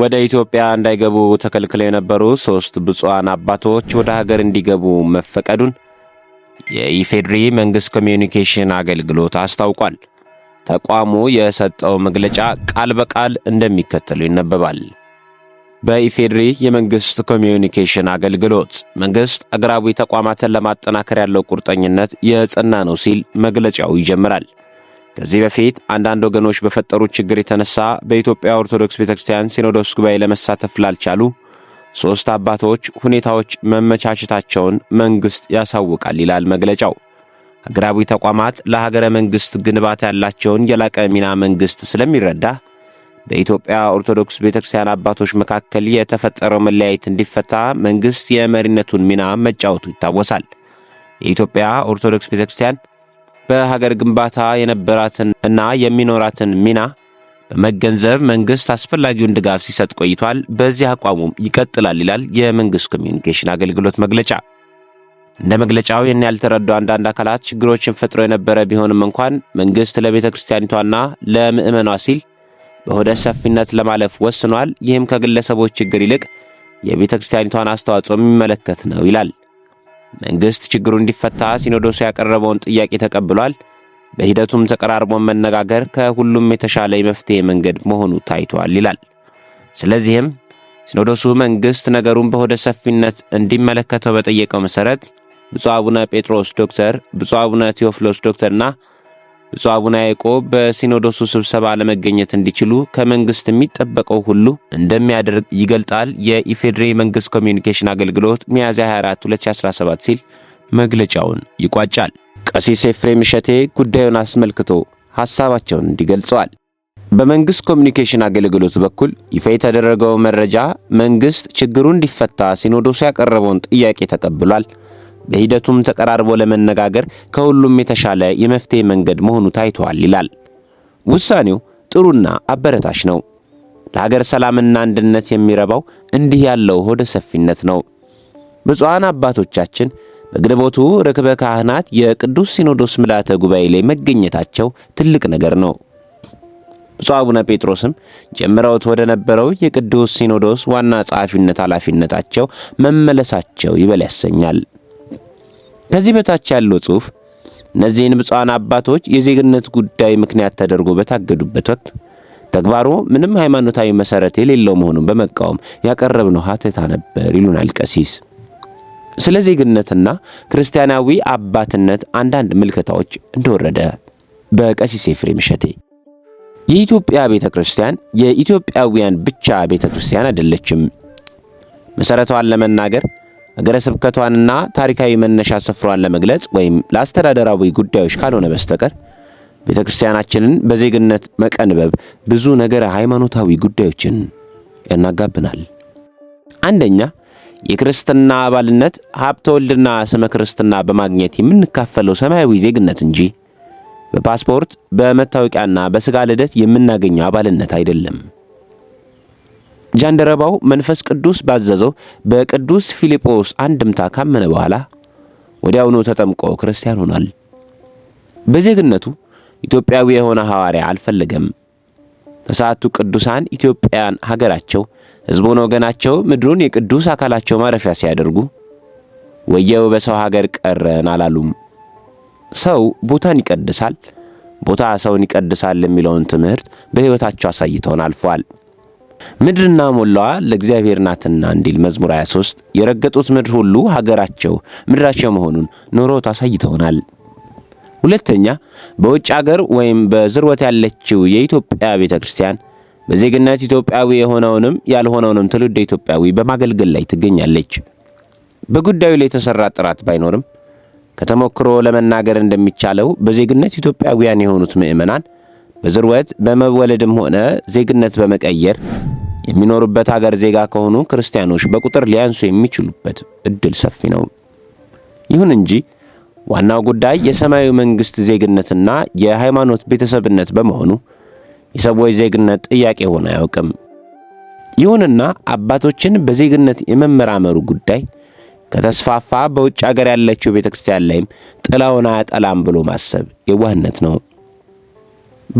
ወደ ኢትዮጵያ እንዳይገቡ ተከልክለው የነበሩ ሶስት ብፁዓን አባቶች ወደ ሀገር እንዲገቡ መፈቀዱን የኢፌዴሪ መንግሥት ኮሚዩኒኬሽን አገልግሎት አስታውቋል። ተቋሙ የሰጠው መግለጫ ቃል በቃል እንደሚከተሉ ይነበባል። በኢፌዴሪ የመንግሥት ኮሚዩኒኬሽን አገልግሎት መንግሥት አገራዊ ተቋማትን ለማጠናከር ያለው ቁርጠኝነት የጸና ነው ሲል መግለጫው ይጀምራል። ከዚህ በፊት አንዳንድ ወገኖች በፈጠሩ ችግር የተነሳ በኢትዮጵያ ኦርቶዶክስ ቤተ ክርስቲያን ሲኖዶስ ጉባኤ ለመሳተፍ ላልቻሉ ሦስት አባቶች ሁኔታዎች መመቻቸታቸውን መንግሥት ያሳውቃል ይላል መግለጫው። ሀገራዊ ተቋማት ለሀገረ መንግሥት ግንባታ ያላቸውን የላቀ ሚና መንግሥት ስለሚረዳ በኢትዮጵያ ኦርቶዶክስ ቤተ ክርስቲያን አባቶች መካከል የተፈጠረው መለያየት እንዲፈታ መንግሥት የመሪነቱን ሚና መጫወቱ ይታወሳል። የኢትዮጵያ ኦርቶዶክስ ቤተ ክርስቲያን በሀገር ግንባታ የነበራትን እና የሚኖራትን ሚና በመገንዘብ መንግስት አስፈላጊውን ድጋፍ ሲሰጥ ቆይቷል። በዚህ አቋሙም ይቀጥላል ይላል የመንግስት ኮሚዩኒኬሽን አገልግሎት መግለጫ። እንደ መግለጫው ይህን ያልተረዱ አንዳንድ አካላት ችግሮችን ፈጥሮ የነበረ ቢሆንም እንኳን መንግስት ለቤተ ክርስቲያኒቷና ለምዕመኗ ሲል በሆደ ሰፊነት ለማለፍ ወስኗል። ይህም ከግለሰቦች ችግር ይልቅ የቤተ ክርስቲያኒቷን አስተዋጽኦ የሚመለከት ነው ይላል። መንግሥት ችግሩ እንዲፈታ ሲኖዶሱ ያቀረበውን ጥያቄ ተቀብሏል። በሂደቱም ተቀራርቦን መነጋገር ከሁሉም የተሻለ የመፍትሔ መንገድ መሆኑ ታይቷል ይላል። ስለዚህም ሲኖዶሱ መንግሥት ነገሩን በሆደ ሰፊነት እንዲመለከተው በጠየቀው መሠረት ብፁዕ አቡነ ጴጥሮስ ዶክተር፣ ብፁዕ አቡነ ቴዎፍሎስ ዶክተርና ብፁዕ አቡነ ያዕቆብ በሲኖዶሱ ስብሰባ ለመገኘት እንዲችሉ ከመንግስት የሚጠበቀው ሁሉ እንደሚያደርግ ይገልጣል የኢፌዴሪ መንግስት ኮሚዩኒኬሽን አገልግሎት ሚያዝያ 24 2017 ሲል መግለጫውን ይቋጫል። ቀሲስ ኤፍሬም እሸቴ ጉዳዩን አስመልክቶ ሐሳባቸውን እንዲገልጸዋል። በመንግሥት ኮሚዩኒኬሽን አገልግሎት በኩል ይፋ የተደረገው መረጃ መንግሥት ችግሩ እንዲፈታ ሲኖዶሱ ያቀረበውን ጥያቄ ተቀብሏል በሂደቱም ተቀራርቦ ለመነጋገር ከሁሉም የተሻለ የመፍትሄ መንገድ መሆኑ ታይቷል ይላል። ውሳኔው ጥሩና አበረታች ነው። ለሀገር ሰላምና አንድነት የሚረባው እንዲህ ያለው ሆደ ሰፊነት ነው። ብፁዓን አባቶቻችን በግንቦቱ ርክበ ካህናት የቅዱስ ሲኖዶስ ምልዓተ ጉባኤ ላይ መገኘታቸው ትልቅ ነገር ነው። ብፁዕ አቡነ ጴጥሮስም ጀምረውት ወደ ነበረው የቅዱስ ሲኖዶስ ዋና ጸሐፊነት ኃላፊነታቸው መመለሳቸው ይበል ያሰኛል። ከዚህ በታች ያለው ጽሑፍ እነዚህን ብፁዓን አባቶች የዜግነት ጉዳይ ምክንያት ተደርጎ በታገዱበት ወቅት ተግባሩ ምንም ሃይማኖታዊ መሰረት የሌለው መሆኑን በመቃወም ያቀረብነው ሀተታ ነበር ይሉናል ቀሲስ። ስለ ዜግነትና ክርስቲያናዊ አባትነት አንዳንድ ምልከታዎች እንደወረደ በቀሲስ ኤፍሬም እሸቴ የኢትዮጵያ ቤተ ክርስቲያን የኢትዮጵያውያን ብቻ ቤተ ክርስቲያን አይደለችም። መሰረቷን ለመናገር ሀገረ ስብከቷንና ታሪካዊ መነሻ ስፍሯን ለመግለጽ ወይም ለአስተዳደራዊ ጉዳዮች ካልሆነ በስተቀር ቤተ ክርስቲያናችንን በዜግነት መቀንበብ ብዙ ነገር ሃይማኖታዊ ጉዳዮችን ያናጋብናል። አንደኛ የክርስትና አባልነት ሀብተ ወልድና ስመ ክርስትና በማግኘት የምንካፈለው ሰማያዊ ዜግነት እንጂ በፓስፖርት በመታወቂያና በስጋ ልደት የምናገኘው አባልነት አይደለም። ጃንደረባው መንፈስ ቅዱስ ባዘዘው በቅዱስ ፊልጶስ አንድምታ ካመነ በኋላ ወዲያውኑ ተጠምቆ ክርስቲያን ሆኗል። በዜግነቱ ኢትዮጵያዊ የሆነ ሐዋርያ አልፈለገም። ተስዓቱ ቅዱሳን ኢትዮጵያን ሀገራቸው፣ ሕዝቡን፣ ወገናቸው ምድሩን የቅዱስ አካላቸው ማረፊያ ሲያደርጉ ወየው በሰው ሀገር ቀረን አላሉም። ሰው ቦታን ይቀድሳል፣ ቦታ ሰውን ይቀድሳል የሚለውን ትምህርት በሕይወታቸው አሳይተውን አልፏል። ምድርና ሞላዋ ለእግዚአብሔር ናትና እንዲል መዝሙር 23 የረገጡት ምድር ሁሉ ሀገራቸው ምድራቸው መሆኑን ኖሮት አሳይተውናል። ሁለተኛ በውጭ አገር ወይም በዝርወት ያለችው የኢትዮጵያ ቤተ ክርስቲያን በዜግነት ኢትዮጵያዊ የሆነውንም ያልሆነውንም ትውልደ ኢትዮጵያዊ በማገልገል ላይ ትገኛለች። በጉዳዩ ላይ የተሰራ ጥራት ባይኖርም ከተሞክሮ ለመናገር እንደሚቻለው በዜግነት ኢትዮጵያውያን የሆኑት ምእመናን። በዝርወት በመወለድም ሆነ ዜግነት በመቀየር የሚኖሩበት ሀገር ዜጋ ከሆኑ ክርስቲያኖች በቁጥር ሊያንሱ የሚችሉበት እድል ሰፊ ነው። ይሁን እንጂ ዋናው ጉዳይ የሰማያዊ መንግስት ዜግነትና የሃይማኖት ቤተሰብነት በመሆኑ የሰዎች ዜግነት ጥያቄ ሆነ አያውቅም። ይሁንና አባቶችን በዜግነት የመመራመሩ ጉዳይ ከተስፋፋ በውጭ ሀገር ያለችው ቤተክርስቲያን ላይም ጥላውን አያጠላም ብሎ ማሰብ የዋህነት ነው።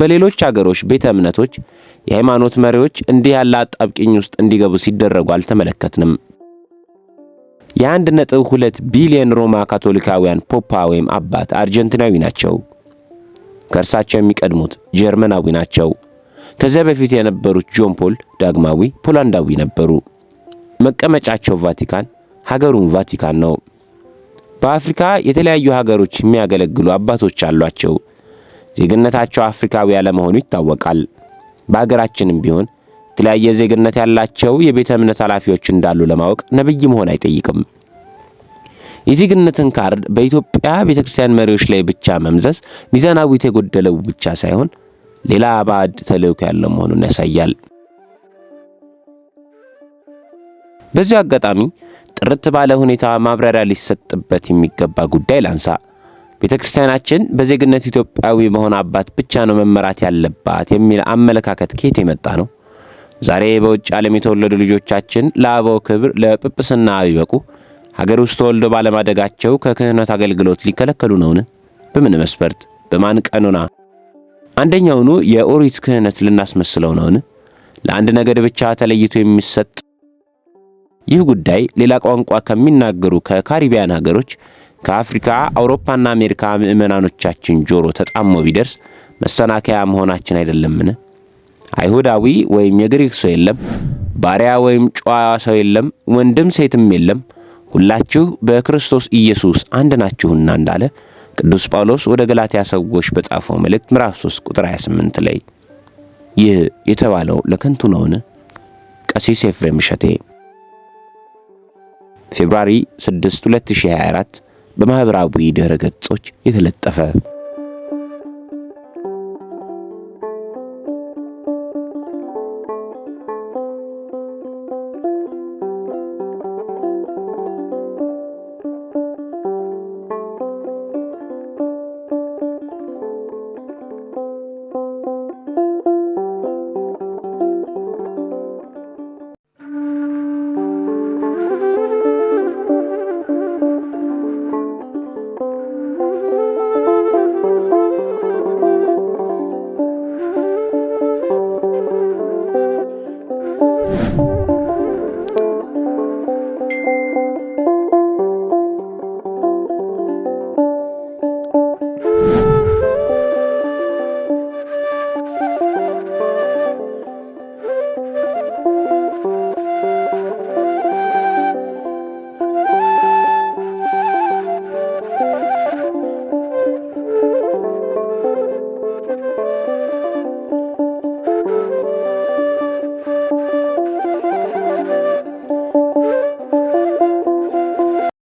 በሌሎች አገሮች ቤተ እምነቶች የሃይማኖት መሪዎች እንዲህ ያለ አጣብቂኝ ውስጥ እንዲገቡ ሲደረጉ አልተመለከትንም። የአንድ ነጥብ ሁለት ቢሊዮን ሮማ ካቶሊካውያን ፖፓ ወይም አባት አርጀንቲናዊ ናቸው። ከእርሳቸው የሚቀድሙት ጀርመናዊ ናቸው። ከዚያ በፊት የነበሩት ጆን ፖል ዳግማዊ ፖላንዳዊ ነበሩ። መቀመጫቸው ቫቲካን፣ ሀገሩም ቫቲካን ነው። በአፍሪካ የተለያዩ ሀገሮች የሚያገለግሉ አባቶች አሏቸው። ዜግነታቸው አፍሪካዊ ያለመሆኑ ይታወቃል። በሀገራችንም ቢሆን የተለያየ ዜግነት ያላቸው የቤተ እምነት ኃላፊዎች እንዳሉ ለማወቅ ነብይ መሆን አይጠይቅም። የዜግነትን ካርድ በኢትዮጵያ ቤተ ክርስቲያን መሪዎች ላይ ብቻ መምዘዝ ሚዛናዊት የጎደለው ብቻ ሳይሆን ሌላ ባዕድ ተልእኮ ያለው መሆኑን ያሳያል። በዚሁ አጋጣሚ ጥርት ባለ ሁኔታ ማብራሪያ ሊሰጥበት የሚገባ ጉዳይ ላንሳ። ቤተ ክርስቲያናችን በዜግነት ኢትዮጵያዊ በሆነ አባት ብቻ ነው መመራት ያለባት የሚል አመለካከት ከየት የመጣ ነው? ዛሬ በውጭ ዓለም የተወለዱ ልጆቻችን ለአበው ክብር ለጵጵስና ቢበቁ ሀገር ውስጥ ተወልዶ ባለማደጋቸው ከክህነት አገልግሎት ሊከለከሉ ነውን? በምን መስፈርት? በማን ቀኖና? አንደኛውኑ የኦሪት ክህነት ልናስመስለው ነውን? ለአንድ ነገድ ብቻ ተለይቶ የሚሰጥ ይህ ጉዳይ ሌላ ቋንቋ ከሚናገሩ ከካሪቢያን ሀገሮች ከአፍሪካ አውሮፓና አሜሪካ ምዕመናኖቻችን ጆሮ ተጣሞ ቢደርስ መሰናከያ መሆናችን አይደለምን? አይሁዳዊ ወይም የግሪክ ሰው የለም፣ ባሪያ ወይም ጨዋ ሰው የለም፣ ወንድም ሴትም የለም፣ ሁላችሁ በክርስቶስ ኢየሱስ አንድ ናችሁና እንዳለ ቅዱስ ጳውሎስ ወደ ገላትያ ሰዎች በጻፈው መልእክት ምዕራፍ 3 ቁጥር 28 ላይ ይህ የተባለው ለከንቱ ነውን? ቀሲስ ኤፍሬም እሸቴ ፌብራሪ 6 2024 በማኅበራዊ ድረ ገጾች የተለጠፈ